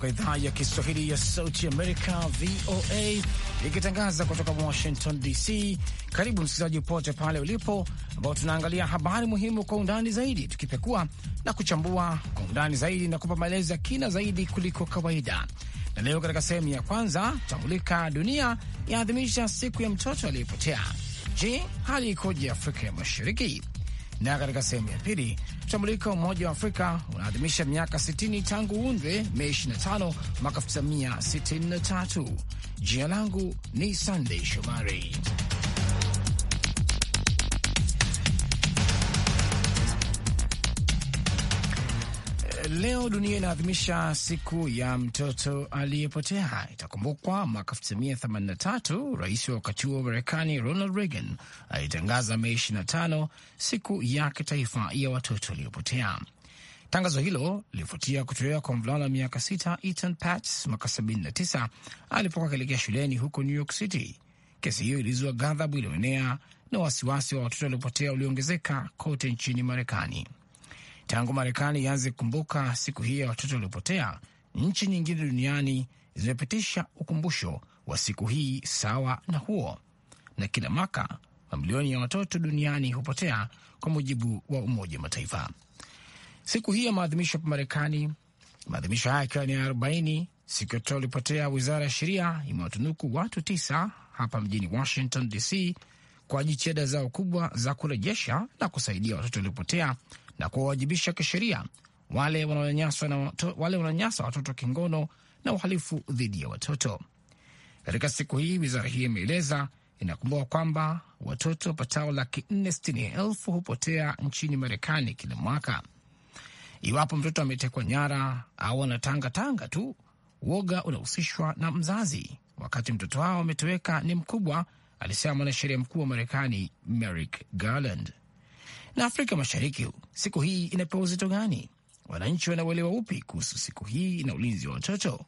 kutoka idhaa ya Kiswahili ya Sauti Amerika, VOA, ikitangaza kutoka Washington DC. Karibu msikilizaji popote pale ulipo, ambao tunaangalia habari muhimu kwa undani zaidi, tukipekua na kuchambua kwa undani zaidi na kupa maelezo ya kina zaidi kuliko kawaida. Na leo katika sehemu ya kwanza tutamulika dunia yaadhimisha siku ya mtoto aliyepotea. Je, hali ikoje Afrika ya Mashariki? Na katika sehemu ya pili tutamulika Umoja wa Afrika unaadhimisha miaka 60 tangu uundwe Mei 25 mwaka 1963. Jina langu ni Sandey Shomari. Leo dunia inaadhimisha siku ya mtoto aliyepotea. Itakumbukwa mwaka 1983 rais wa wakati huo wa Marekani Ronald Reagan alitangaza Mei 25 siku ya kitaifa ya watoto waliopotea. Tangazo hilo lilifuatia kutolewa kwa mvulana wa miaka 6 Ethan Pats mwaka 79 alipokuwa akielekea shuleni huko New York City. Kesi hiyo ilizua ghadhabu iliyoenea na wasiwasi wa watoto waliopotea ulioongezeka kote nchini Marekani. Tangu Marekani ianze kukumbuka siku hii ya watoto waliopotea, nchi nyingine duniani zimepitisha ukumbusho wa siku hii sawa na huo, na kila mwaka mamilioni ya watoto duniani hupotea kwa mujibu wa Umoja wa Mataifa. Siku hii ya maadhimisho hapa Marekani, maadhimisho haya yakiwa ni ya arobaini siku ya watoto walipotea. Wizara ya Sheria imewatunuku watu tisa hapa mjini Washington DC kwa jitihada zao kubwa za kurejesha na kusaidia watoto waliopotea na kuwawajibisha kisheria wale wanaonyanyasa watoto kingono na uhalifu dhidi ya watoto. Katika siku hii, wizara hii imeeleza inakumbuka kwamba watoto wapatao laki nne sitini elfu hupotea nchini Marekani kila mwaka. Iwapo mtoto ametekwa nyara au anatangatanga tu, woga unahusishwa na mzazi, wakati mtoto wao ametoweka ni mkubwa, alisema mwanasheria mkuu wa Marekani Merrick Garland. Na Afrika Mashariki, siku hii inapewa uzito gani? Wananchi wanauelewa upi kuhusu siku hii na ulinzi wa watoto?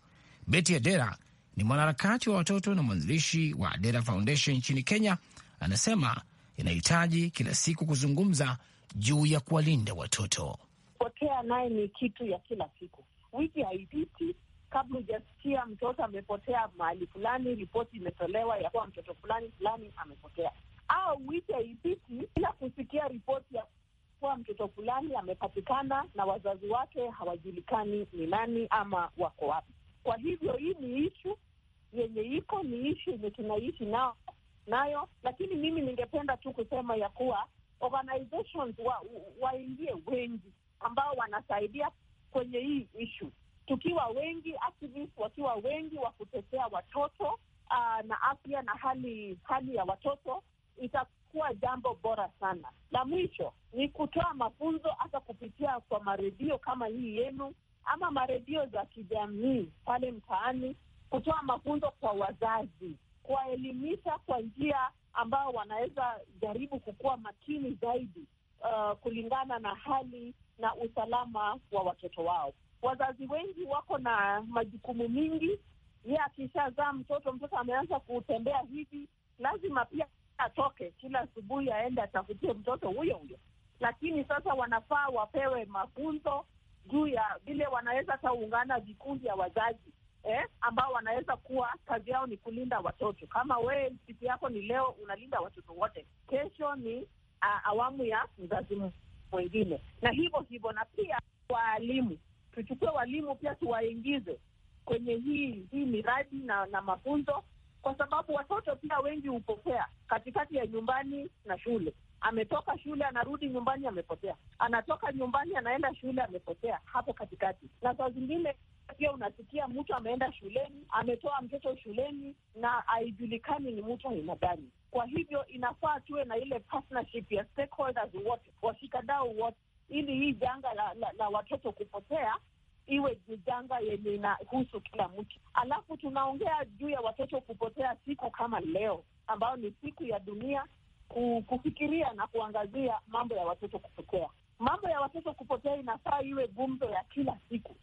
Beti Adera ni mwanaharakati wa watoto na mwanzilishi wa Adera Foundation nchini Kenya. Anasema inahitaji kila siku kuzungumza juu ya kuwalinda watoto. Potea naye ni kitu ya kila siku, wiki haipiti kabla hujasikia mtoto amepotea mahali fulani, ripoti imetolewa ya kuwa mtoto fulani fulani amepotea au uite IPC bila kusikia ripoti ya kuwa mtoto fulani amepatikana na wazazi wake hawajulikani ni nani ama wako wapi. Kwa hivyo hii ni ishu yenye iko, ni ishu yenye tunaishi nao nayo, lakini mimi ningependa tu kusema ya kuwa organizations waingie wa wengi ambao wanasaidia kwenye hii ishu, tukiwa wengi activists, wakiwa wengi wa kutetea watoto aa, ah, na afya na hali hali ya watoto itakuwa jambo bora sana. La mwisho ni kutoa mafunzo hata kupitia kwa maredio kama hii yenu ama maredio za kijamii pale mtaani, kutoa mafunzo kwa wazazi, kuwaelimisha kwa njia ambao wanaweza jaribu kukuwa makini zaidi uh, kulingana na hali na usalama wa watoto wao. Wazazi wengi wako na majukumu mingi. Ye akishazaa mtoto, mtoto ameanza kutembea hivi, lazima pia atoke kila asubuhi aende atafutie mtoto huyo huyo. Lakini sasa wanafaa wapewe mafunzo juu ya vile wanaweza taungana vikundi ya wazazi eh, ambao wanaweza kuwa kazi yao ni kulinda watoto. Kama wee siku yako ni leo unalinda watoto wote, kesho ni a, awamu ya mzazi mwingine, na hivyo hivyo. Na pia waalimu, tuchukue walimu pia tuwaingize kwenye hii hii miradi na, na mafunzo kwa sababu watoto pia wengi hupotea katikati ya nyumbani na shule. Ametoka shule anarudi nyumbani, amepotea. Anatoka nyumbani anaenda shule, amepotea hapo katikati. Na saa zingine pia unasikia mtu ameenda shuleni, ametoa mtoto shuleni na haijulikani ni mtu aina gani. Kwa hivyo inafaa tuwe na ile partnership ya stakeholders wote, washikadau wote, ili hii janga la, la, la watoto kupotea iwe janga yenye inahusu kila mtu. Alafu tunaongea juu ya watoto kupotea siku kama leo, ambayo ni siku ya dunia kufikiria na kuangazia mambo ya watoto kupotea. Mambo ya watoto kupotea inafaa iwe gumzo ya kila siku,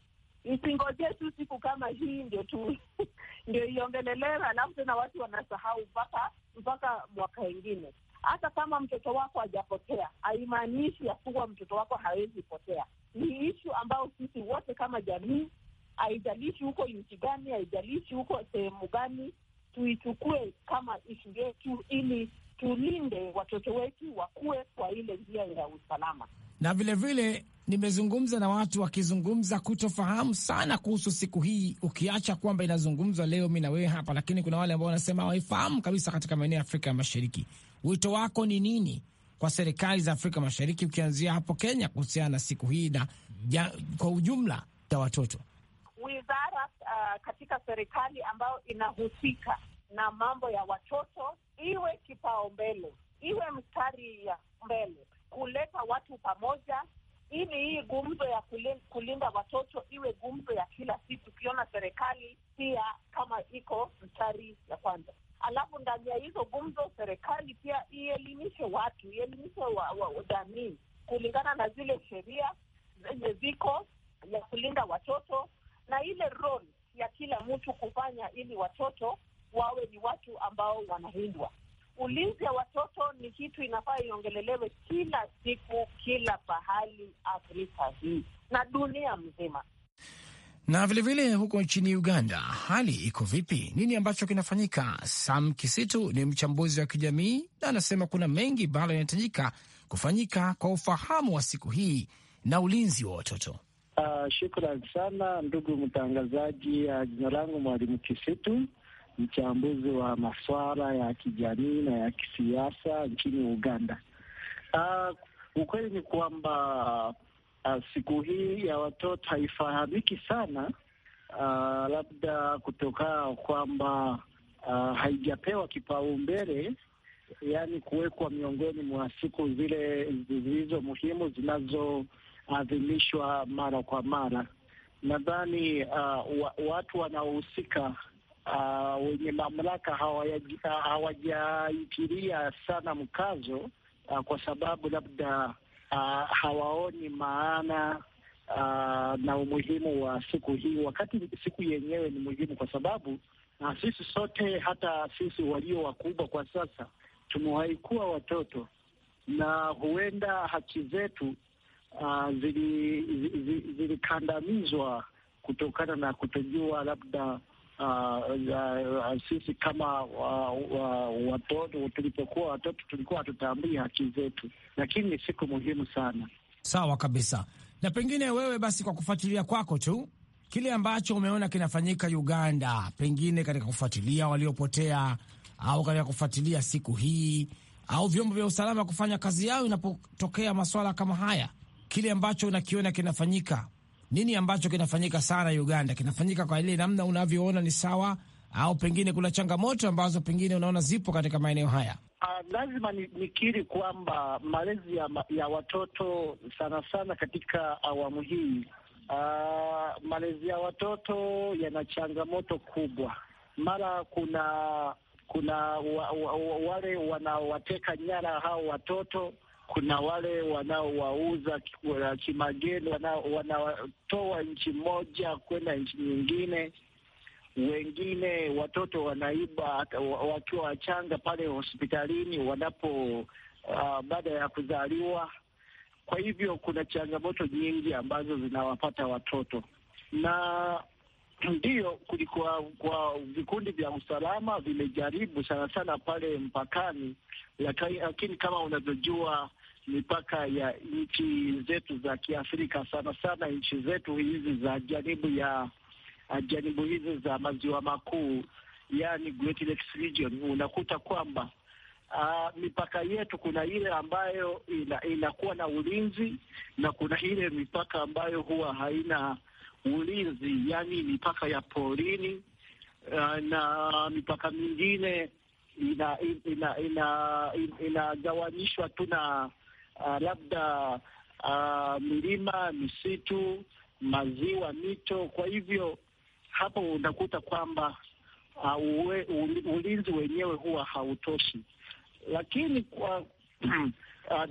isingojee tu siku kama hii ndio tu ndio iongelelewe, alafu tena watu wanasahau mpaka mpaka mwaka wengine. Hata kama mtoto wako hajapotea, haimaanishi ya kuwa mtoto wako hawezi potea ni ishu ambao sisi wote kama jamii, haijalishi huko nchi gani, haijalishi huko sehemu gani, tuichukue kama ishu yetu ili tulinde watoto wetu wakuwe kwa ile njia ya usalama. Na vilevile nimezungumza na watu wakizungumza kutofahamu sana kuhusu siku hii, ukiacha kwamba inazungumzwa leo mi na wewe hapa, lakini kuna wale ambao wanasema waifahamu kabisa katika maeneo ya Afrika ya Mashariki. Wito wako ni nini? kwa serikali za Afrika Mashariki, ukianzia hapo Kenya, kuhusiana na siku hii na kwa ujumla ya watoto wizara uh, katika serikali ambayo inahusika na mambo ya watoto iwe kipaumbele, iwe mstari ya mbele kuleta watu pamoja, ili hii gumzo ya kulinda watoto iwe gumzo ya kila siku, kiona serikali pia kama iko mstari ya kwanza alafu ndani ya hizo gumzo serikali pia ielimishe watu, ielimishe wa, wa, jamii kulingana na zile sheria zenye ziko ya kulinda watoto na ile role ya kila mtu kufanya ili watoto wawe ni watu ambao wanahindwa Ulinzi ya watoto ni kitu inafaa iongelelewe kila siku, kila pahali, Afrika hii na dunia mzima. Na vilevile vile huko nchini Uganda hali iko vipi? Nini ambacho kinafanyika? Sam Kisitu ni mchambuzi wa kijamii na anasema kuna mengi bado yanahitajika kufanyika kwa ufahamu wa siku hii na ulinzi wa watoto. Uh, shukran sana ndugu mtangazaji. Uh, jina langu Mwalimu Kisitu, mchambuzi wa masuala ya kijamii na ya kisiasa nchini Uganda. Uh, ukweli ni kwamba uh, uh, siku hii ya watoto haifahamiki sana uh, labda kutokana kwamba uh, haijapewa kipaumbele, yaani kuwekwa miongoni mwa siku zile zilizo muhimu zinazoadhimishwa mara kwa mara. Nadhani uh, wa, watu wanaohusika uh, wenye mamlaka hawajaitilia sana mkazo uh, kwa sababu labda uh, hawaoni maana uh, na umuhimu wa siku hii, wakati siku yenyewe ni muhimu, kwa sababu na sisi sote, hata sisi walio wakubwa kwa sasa tumewahi kuwa watoto, na huenda haki zetu uh, zilikandamizwa zili, zili kutokana na kutojua labda Uh, uh, sisi kama watoto tulipokuwa watoto tulikuwa hatutaambii haki zetu, lakini ni siku muhimu sana. Sawa kabisa. Na pengine wewe basi, kwa kufuatilia kwako tu kile ambacho umeona kinafanyika Uganda, pengine katika kufuatilia waliopotea au katika kufuatilia siku hii au vyombo vya usalama kufanya kazi yao inapotokea maswala kama haya, kile ambacho unakiona kinafanyika nini ambacho kinafanyika sana Uganda? Kinafanyika kwa ile namna unavyoona ni sawa, au pengine kuna changamoto ambazo pengine unaona zipo katika maeneo haya? Uh, lazima nikiri kwamba malezi ya, ya watoto sana sana katika awamu hii uh, malezi ya watoto yana changamoto kubwa. Mara kuna kuna wa, wa, wa, wale wanaowateka nyara hao watoto kuna wale wanaowauza kimageni, wanatoa nchi moja kwenda nchi nyingine. Wengine watoto wanaiba wakiwa wachanga pale hospitalini wanapo uh, baada ya kuzaliwa. Kwa hivyo kuna changamoto nyingi ambazo zinawapata watoto na ndiyo kulikuwa kwa vikundi vya usalama vimejaribu sana sana pale mpakani, lakini kama unavyojua mipaka ya nchi zetu za Kiafrika, sana sana nchi zetu hizi za janibu ya janibu hizi za maziwa makuu, yani Great Lakes region, unakuta kwamba Uh, mipaka yetu kuna ile ambayo ina, inakuwa na ulinzi na kuna ile mipaka ambayo huwa haina ulinzi, yani mipaka ya porini uh, na mipaka mingine inagawanyishwa ina, ina, ina, ina tu na uh, labda uh, ah, milima, misitu, maziwa, mito. Kwa hivyo hapo unakuta kwamba uh, uwe, ulinzi wenyewe huwa hautoshi, lakini kwa uh,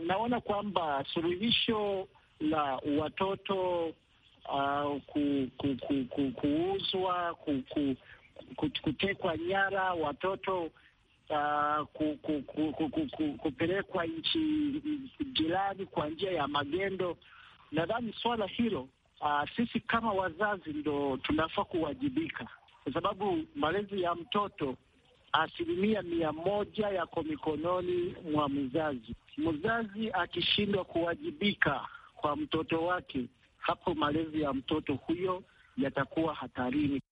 naona kwamba suluhisho la watoto uh, ku, ku, kuuzwa ku, ku, kutekwa nyara watoto kupelekwa nchi jirani kwa njia ya magendo. Nadhani swala hilo uh, sisi kama wazazi ndo tunafaa kuwajibika, kwa sababu malezi ya mtoto asilimia mia moja yako mikononi mwa mzazi. Mzazi akishindwa kuwajibika kwa mtoto wake, hapo malezi ya mtoto huyo yatakuwa hatarini.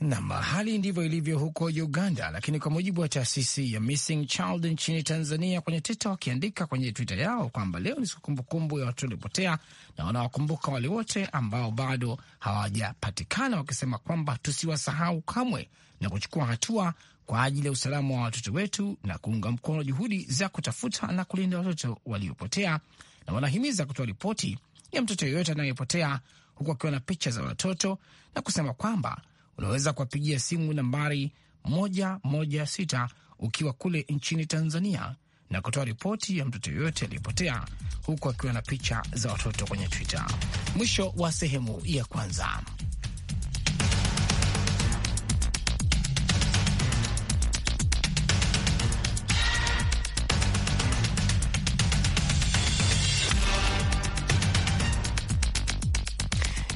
Nam, hali ndivyo ilivyo huko Uganda. Lakini kwa mujibu wa taasisi ya Missing Child nchini Tanzania, kwenye Twitter wakiandika kwenye Twitter yao kwamba leo ni siku kumbukumbu ya watoto waliopotea na wanawakumbuka wale wote ambao bado hawajapatikana, wakisema kwamba tusiwasahau kamwe na kuchukua hatua kwa ajili ya usalama wa watoto wetu na kuunga mkono juhudi za kutafuta na kulinda watoto waliopotea, na wanahimiza kutoa ripoti ya mtoto yeyote anayepotea, huku akiwa na picha za watoto na kusema kwamba unaweza kuwapigia simu nambari 116 ukiwa kule nchini Tanzania na kutoa ripoti ya mtoto yoyote aliyepotea huku akiwa na picha za watoto kwenye Twitter. Mwisho wa sehemu ya kwanza.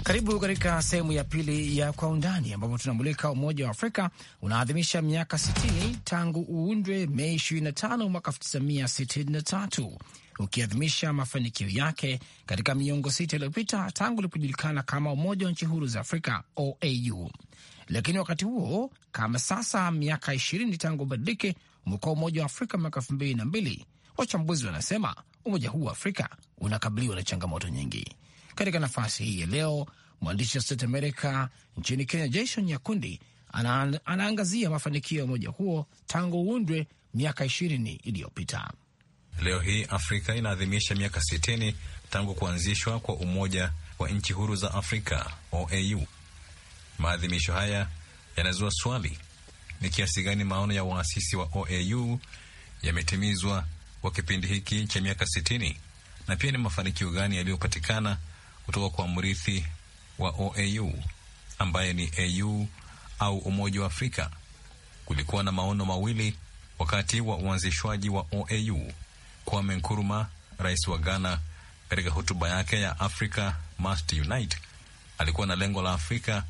Karibu katika sehemu ya pili ya Kwa Undani, ambapo tunamulika Umoja wa Afrika unaadhimisha miaka 60 tangu uundwe Mei 25 mwaka 1963 ukiadhimisha mafanikio yake katika miongo sita iliyopita tangu ulipojulikana kama Umoja wa Nchi Huru za Afrika, OAU. Lakini wakati huo kama sasa, miaka 20 tangu ubadilike umekuwa Umoja wa Afrika mwaka 2002. Wachambuzi wanasema umoja huu wa Afrika unakabiliwa na changamoto nyingi. Katika nafasi hii ya leo, mwandishi wa State america nchini Kenya Jason Nyakundi ana, anaangazia mafanikio ya umoja huo tangu uundwe miaka ishirini iliyopita. Leo hii Afrika inaadhimisha miaka sitini tangu kuanzishwa kwa Umoja wa Nchi Huru za Afrika, OAU. Maadhimisho haya yanazua swali, ni kiasi gani maono ya waasisi wa OAU yametimizwa kwa kipindi hiki cha miaka sitini, na pia ni mafanikio gani yaliyopatikana kutoka kwa mrithi wa OAU ambaye ni AU au Umoja wa Afrika. Kulikuwa na maono mawili wakati wa uanzishwaji wa OAU. Kwame Nkrumah, rais wa Ghana, katika hotuba yake ya Africa Must Unite, alikuwa na lengo la Afrika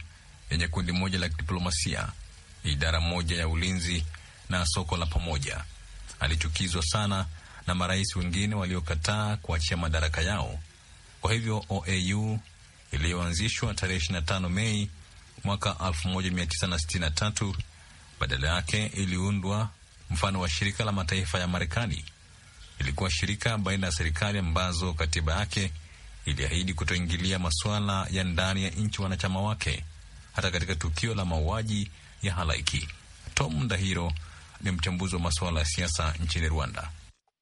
yenye kundi moja la kidiplomasia, idara moja ya ulinzi na soko la pamoja. Alichukizwa sana na marais wengine waliokataa kuachia madaraka yao kwa hivyo OAU iliyoanzishwa tarehe 25 Mei mwaka 1963 badala yake iliundwa mfano wa shirika la mataifa ya Marekani. Ilikuwa shirika baina ya serikali ambazo katiba yake iliahidi kutoingilia masuala ya ndani ya nchi wanachama wake, hata katika tukio la mauaji ya halaiki. Tom Ndahiro ni mchambuzi wa masuala ya siasa nchini Rwanda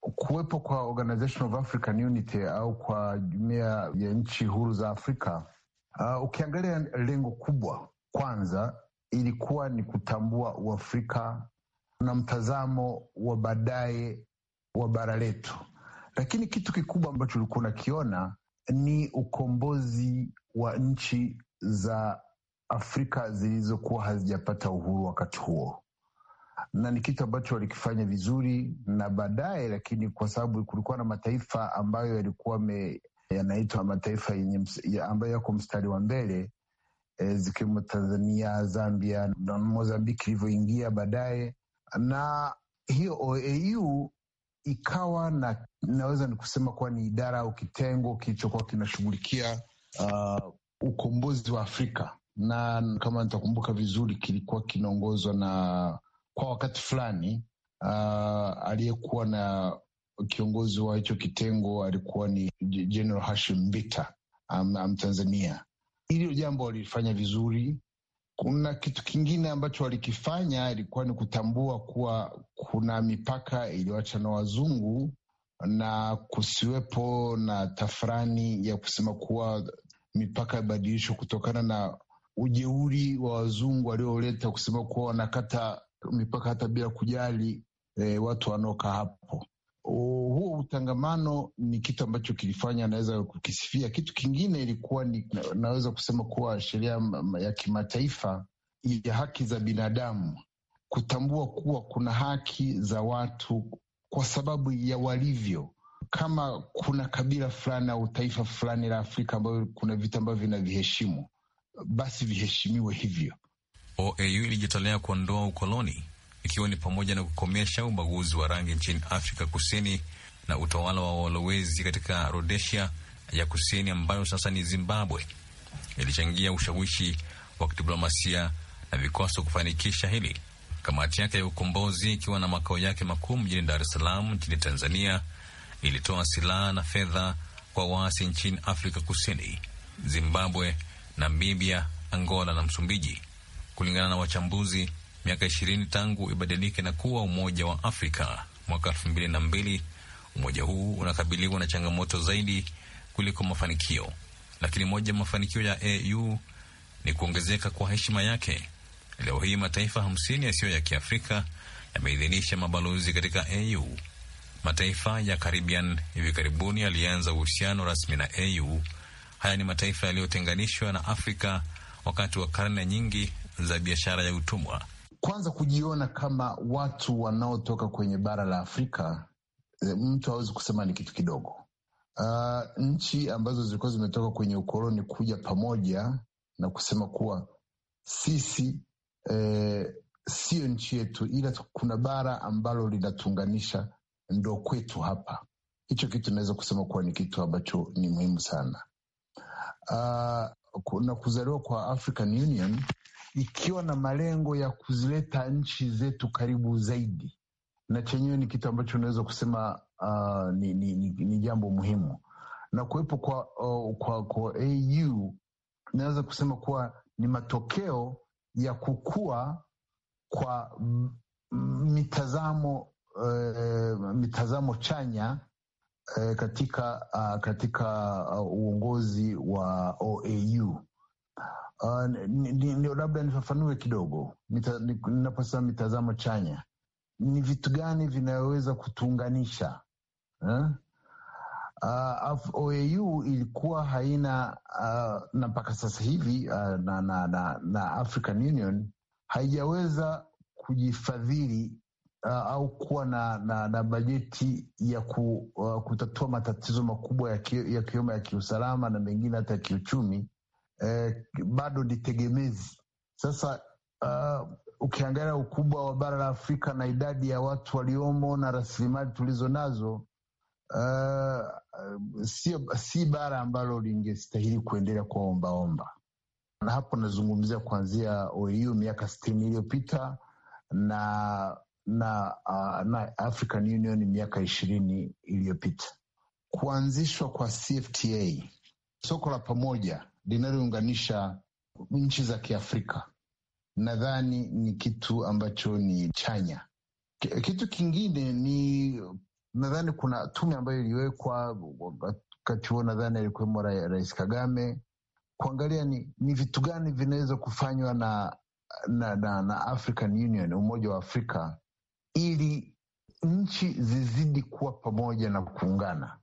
kuwepo kwa Organization of African Unity au kwa jumuiya ya nchi huru za Afrika. Uh, ukiangalia lengo kubwa kwanza ilikuwa ni kutambua Uafrika na mtazamo wa baadaye wa bara letu, lakini kitu kikubwa ambacho ulikuwa unakiona ni ukombozi wa nchi za Afrika zilizokuwa hazijapata uhuru wakati huo na ni kitu ambacho walikifanya vizuri na baadaye, lakini kwa sababu kulikuwa na mataifa ambayo yalikuwa yanaitwa mataifa ya ambayo yako mstari wa mbele e, zikiwemo Tanzania, Zambia na Mozambiki ilivyoingia baadaye, na hiyo OAU ikawa na naweza ni kusema kuwa ni idara au kitengo kilichokuwa kinashughulikia uh, ukombozi wa Afrika na kama nitakumbuka vizuri kilikuwa kinaongozwa na kwa wakati fulani uh, aliyekuwa na kiongozi wa hicho kitengo alikuwa ni General Hashim Mbita Mtanzania. Um, um, hilo jambo walifanya vizuri. Kuna kitu kingine ambacho walikifanya ilikuwa ni kutambua kuwa kuna mipaka iliyoacha na wazungu na kusiwepo na tafrani ya kusema kuwa mipaka ibadilishwe kutokana na ujeuri wa wazungu walioleta kusema kuwa wanakata mipaka hata bila kujali e, watu wanaokaa hapo. Huo utangamano ni kitu ambacho kilifanya naweza kukisifia. Kitu kingine ilikuwa ni, naweza kusema kuwa sheria ya kimataifa ya haki za binadamu kutambua kuwa kuna haki za watu kwa sababu ya walivyo kama kuna kabila fulani au taifa fulani la Afrika ambayo kuna vitu ambavyo vinaviheshimu basi viheshimiwe hivyo. OAU ilijitolea kuondoa ukoloni ikiwa ni pamoja na kukomesha ubaguzi wa rangi nchini Afrika Kusini na utawala wa walowezi katika Rhodesia ya Kusini ambayo sasa ni Zimbabwe. Ilichangia ushawishi wa kidiplomasia na vikwaso kufanikisha hili. Kamati yake ya ukombozi ikiwa na makao yake makuu mjini Dar es Salaam nchini Tanzania ilitoa silaha na fedha kwa waasi nchini Afrika Kusini, Zimbabwe, Namibia, Angola na Msumbiji. Kulingana na wachambuzi, miaka ishirini tangu ibadilike na kuwa Umoja wa Afrika mwaka elfu mbili na mbili, umoja huu unakabiliwa na changamoto zaidi kuliko mafanikio, lakini moja mafanikio ya AU ni kuongezeka kwa heshima yake. Leo hii mataifa hamsini yasiyo ya Kiafrika yameidhinisha mabalozi katika AU. Mataifa ya Caribbean hivi karibuni yalianza uhusiano rasmi na AU. Haya ni mataifa yaliyotenganishwa na Afrika wakati wa karne nyingi za biashara ya utumwa. Kwanza kujiona kama watu wanaotoka kwenye bara la Afrika, eh, mtu hawezi kusema ni kitu kidogo. Uh, nchi ambazo zilikuwa zimetoka kwenye ukoloni kuja pamoja na kusema kuwa sisi eh, siyo nchi yetu, ila kuna bara ambalo linatuunganisha, ndo kwetu hapa. Hicho kitu naweza kusema kuwa ni kitu ambacho ni muhimu sana. Uh, na kuzaliwa kwa African Union ikiwa na malengo ya kuzileta nchi zetu karibu zaidi, na chenyewe ni kitu ambacho unaweza kusema uh, ni, ni, ni, ni jambo muhimu na kuwepo kwa, uh, kwa, kwa AU naweza kusema kuwa ni matokeo ya kukua kwa mitazamo uh, mitazamo chanya uh, katika uh, katika uh, uongozi wa OAU Uh, labda nifafanue kidogo ninaposema mitazamo chanya, ni vitu gani vinayoweza kutuunganisha eh? Uh, ah, OAU ilikuwa haina uh, na mpaka sasa hivi uh, na, na, na, na African Union haijaweza kujifadhili uh, au kuwa na, na, na bajeti ya ku, uh, kutatua matatizo makubwa ya yakiwemo ya kiusalama na mengine hata ya kiuchumi eh, bado ni tegemezi. Sasa uh, ukiangalia ukubwa wa bara la Afrika na idadi ya watu waliomo na rasilimali tulizo nazo uh, sio, si bara ambalo lingestahili kuendelea kwa ombaomba na hapo nazungumzia kuanzia OAU oh, miaka sitini iliyopita na na, uh, na African Union miaka ishirini iliyopita. Kuanzishwa kwa CFTA, soko la pamoja linalounganisha nchi za Kiafrika nadhani ni kitu ambacho ni chanya. Kitu kingine ni nadhani kuna tume ambayo iliwekwa wakati huo, nadhani alikuwemo Rais Kagame kuangalia ni, ni vitu gani vinaweza kufanywa na, na, na, na African Union, Umoja wa Afrika ili nchi zizidi kuwa pamoja na kuungana,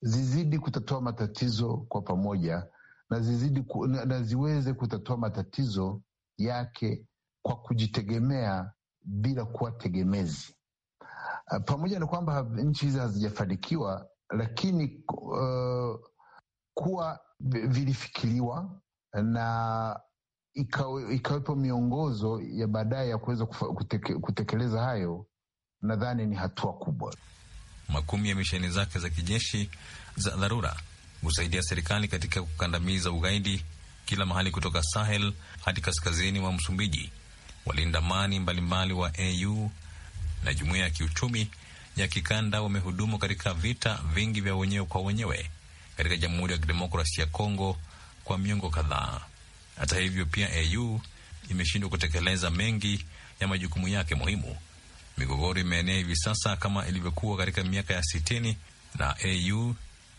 zizidi kutatua matatizo kwa pamoja na, zizidi ku, na ziweze kutatua matatizo yake kwa kujitegemea bila kuwa tegemezi. Ah, pamoja na kwamba nchi hizi hazijafanikiwa, lakini uh, kuwa vilifikiriwa na ikawepo miongozo ya baadaye ya kuweza kuteke, kutekeleza hayo, nadhani ni hatua kubwa. Makumi ya misheni zake za kijeshi za dharura kusaidia serikali katika kukandamiza ugaidi kila mahali kutoka Sahel hadi kaskazini mwa Msumbiji. Walinda amani mbalimbali wa AU na jumuiya ya kiuchumi ya kikanda wamehudumu katika vita vingi vya wenyewe kwa wenyewe katika Jamhuri ya Kidemokrasi ya Kongo kwa miongo kadhaa. Hata hivyo, pia AU imeshindwa kutekeleza mengi ya majukumu yake muhimu. Migogoro imeenea hivi sasa kama ilivyokuwa katika miaka ya sitini, na AU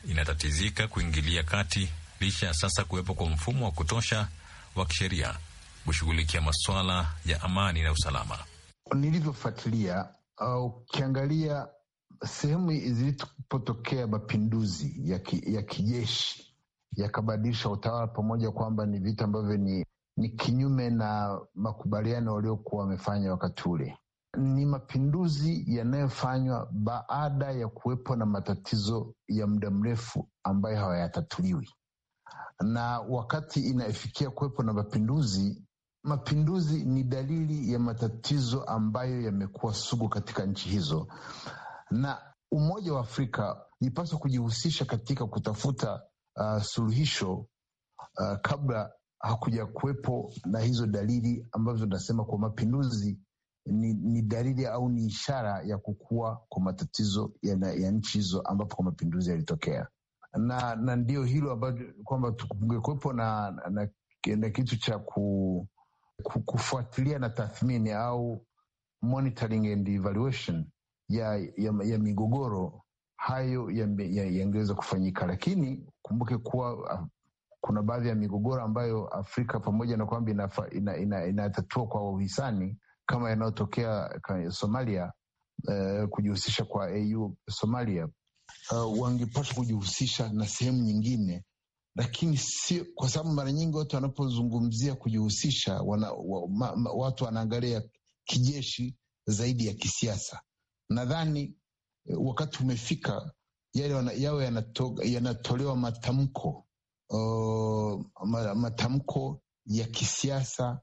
inatatizika kuingilia kati licha ya sasa kuwepo kwa mfumo wa kutosha wa kisheria kushughulikia masuala ya amani na usalama. Nilivyofuatilia ukiangalia sehemu zilipotokea mapinduzi ya, ki, ya kijeshi yakabadilisha utawala, pamoja kwamba ni vitu ambavyo ni, ni kinyume na makubaliano waliokuwa wamefanya wakati ule ni mapinduzi yanayofanywa baada ya kuwepo na matatizo ya muda mrefu ambayo hayatatuliwi, na wakati inafikia kuwepo na mapinduzi. Mapinduzi ni dalili ya matatizo ambayo yamekuwa sugu katika nchi hizo, na Umoja wa Afrika nipaswa kujihusisha katika kutafuta uh, suluhisho uh, kabla hakuja kuwepo na hizo dalili ambazo tunasema kwa mapinduzi ni, ni dalili au ni ishara ya kukua kwa matatizo ya, ya nchi hizo ambapo kwa mapinduzi yalitokea, na na ndio hilo ambalo kwamba kungekuwepo na, na, na kitu cha ku, ku, kufuatilia na tathmini au monitoring and evaluation ya, ya, ya migogoro hayo yangeweza ya, ya kufanyika, lakini kumbuke kuwa ah, kuna baadhi ya migogoro ambayo Afrika pamoja na kwamba inatatua ina, ina, ina kwa uhisani kama yanayotokea Somalia, eh, kujihusisha kwa AU Somalia, uh, wangepaswa kujihusisha na sehemu nyingine, lakini si kwa sababu mara nyingi watu wanapozungumzia kujihusisha wana, wa, ma, ma, watu wanaangalia kijeshi zaidi ya kisiasa. Nadhani eh, wakati umefika yale yawe yanatolewa matamko uh, matamko ya kisiasa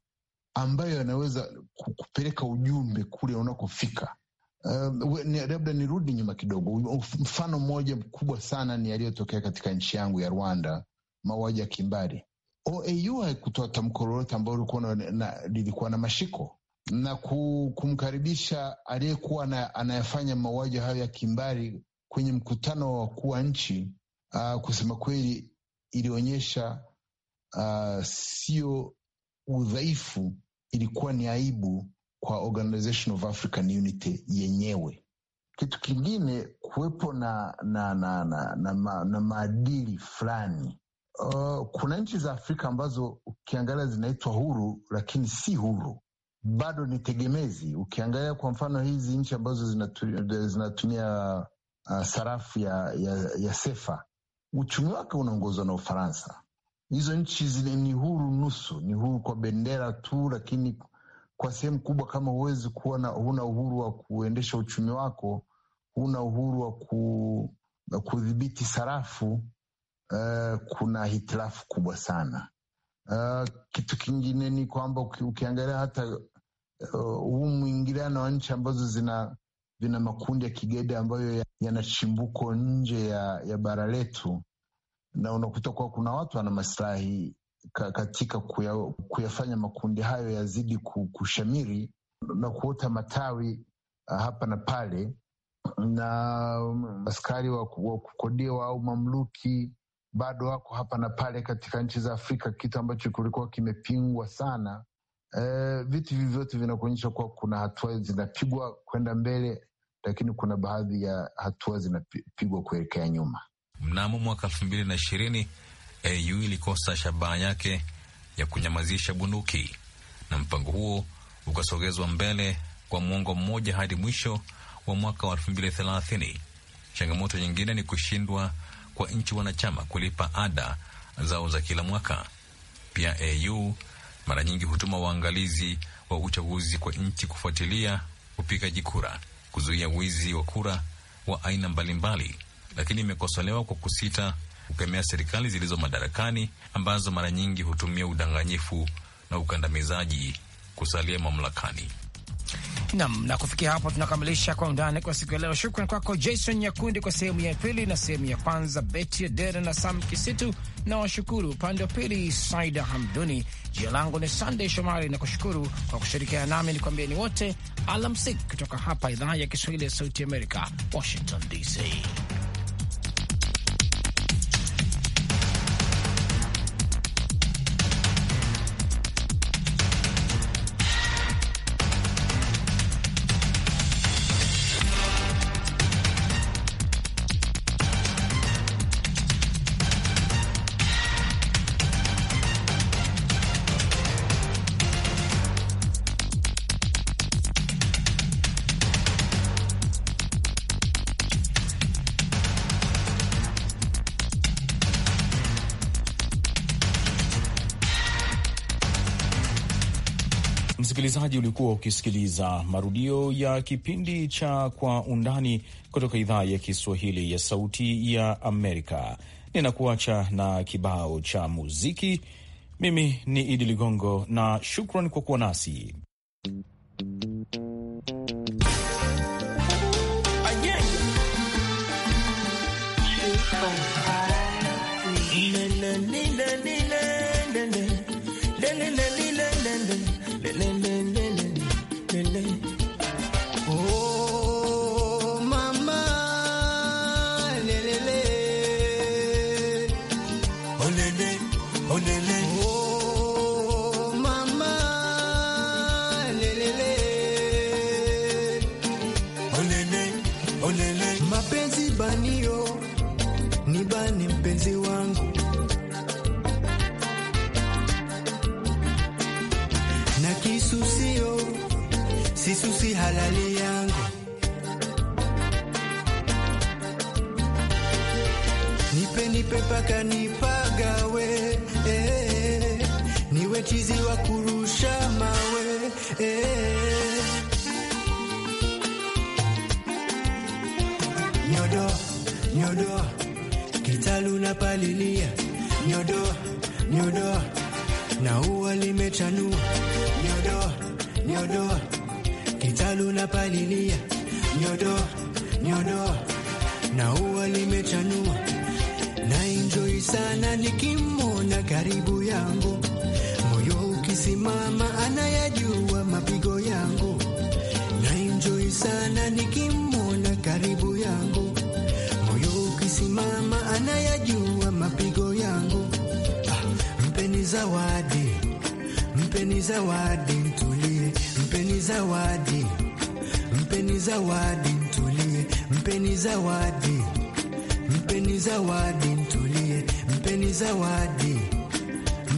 ambayo yanaweza kupeleka ujumbe kule unakofika. Um, labda uh, nirudi nyuma kidogo. Mfano mmoja mkubwa sana ni yaliyotokea katika nchi yangu ya Rwanda, mauaji ya kimbari. OAU haikutoa tamko lolote ambayo lilikuwa na, lilikuwa na mashiko na kumkaribisha aliyekuwa anayafanya mauaji hayo ya kimbari kwenye mkutano wa wakuu wa nchi. Uh, kusema kweli ilionyesha uh, sio udhaifu ilikuwa ni aibu kwa Organization of African Unity yenyewe. Kitu kingine kuwepo na, na, na, na, na, ma, na maadili fulani. Uh, kuna nchi za Afrika ambazo ukiangalia zinaitwa huru lakini si huru, bado ni tegemezi. Ukiangalia kwa mfano hizi nchi ambazo zinatumia, zinatumia uh, sarafu ya, ya, ya sefa, uchumi wake unaongozwa na Ufaransa hizo nchi zile ni huru nusu, ni huru kwa bendera tu, lakini kwa sehemu kubwa kama huwezi kuwa na, huna uhuru wa kuendesha uchumi wako, huna uhuru wa ku, kudhibiti sarafu uh, kuna hitilafu kubwa sana. Uh, kitu kingine ni kwamba ukiangalia hata eh, huu uh, mwingiliano wa nchi ambazo zina vina makundi ya kigaidi ambayo yana chimbuko nje ya, ya bara letu na unakuta kuwa kuna watu wana masilahi katika kuya, kuyafanya makundi hayo yazidi kushamiri na kuota matawi ah, hapa na pale, na um, askari wa kukodiwa au mamluki bado wako hapa na pale katika nchi za Afrika, kitu ambacho kulikuwa kimepingwa sana. E, vitu vyote vinakuonyesha kuwa kuna hatua zinapigwa kwenda mbele, lakini kuna baadhi ya hatua zinapigwa kuelekea nyuma. Mnamo mwaka elfu mbili na ishirini AU ilikosa shabaha yake ya kunyamazisha bunduki na mpango huo ukasogezwa mbele kwa mwongo mmoja hadi mwisho wa mwaka wa elfu mbili thelathini. Changamoto nyingine ni kushindwa kwa nchi wanachama kulipa ada zao za kila mwaka. Pia AU mara nyingi hutuma waangalizi wa uchaguzi kwa nchi kufuatilia upigaji kura, kuzuia wizi wa kura wa aina mbalimbali lakini imekosolewa kwa kusita kukemea serikali zilizo madarakani ambazo mara nyingi hutumia udanganyifu na ukandamizaji kusalia mamlakani. Nam na kufikia hapo tunakamilisha kwa undani kwa siku ya leo. Shukran kwako Jason Nyakundi kwa sehemu ya pili na sehemu ya kwanza, Beti Adera na Sam Kisitu na washukuru upande wa pili, Saida Hamduni. Jina langu ni Sandey Shomari na kushukuru kwa kushirikiana nami, ni kuambiani wote alamsik kutoka hapa idhaa ya Kiswahili ya Sauti Amerika, Washington DC. Msikilizaji, ulikuwa ukisikiliza marudio ya kipindi cha Kwa Undani kutoka idhaa ya Kiswahili ya Sauti ya Amerika. Ninakuacha na kibao cha muziki. Mimi ni Idi Ligongo na shukran kwa kuwa nasi. ambalo lunapalilia, nyodoa nyodoa na ua limechanua, na enjoy sana nikimwona karibu yangu, moyo ukisimama anayajua mapigo yangu, na enjoy sana nikimwona karibu yangu, moyo ukisimama anayajua mapigo yangu. Ah, mpeni zawadi, mpeni zawadi, mtulie, mpeni zawadi Mpeni zawadi mtulie, mpeni zawadi, mpeni zawadi mtulie, mpeni zawadi,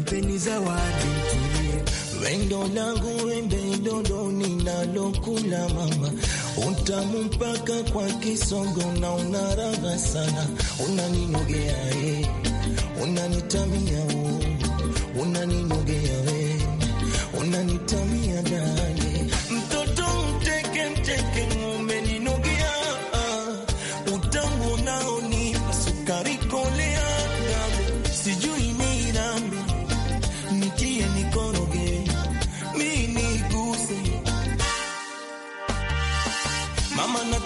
mpeni zawadi mtulie. Wendo langu wembe dodo ninalokula mama utamu mpaka kwa kisongo na unaraga sana, unaninogea ye, unanitamia wo, unaninogea we, unanitamia dale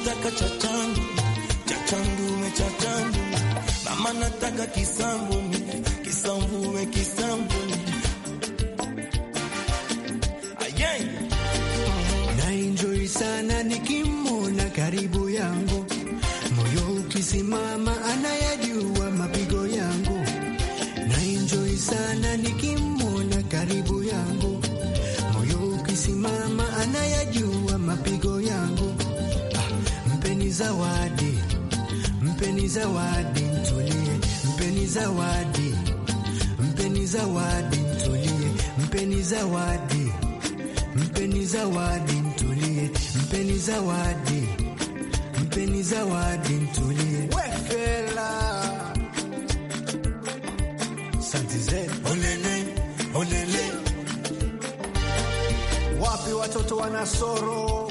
nataka cha changu cha changu mama nataka kisambu kisambu me kisambu ayay na enjoy sana nikimona karibu yangu moyo ukisimama anayajua mapigo yangu na sana zawadi, mpeni zawadi mtulie, mpeni zawadi, mpeni zawadi mtulie, mpeni zawadi, mpeni zawadi mtulie, mpeni zawadi, mpeni zawadi mtulie. Wefela santize olele olele, wapi watoto wanasoro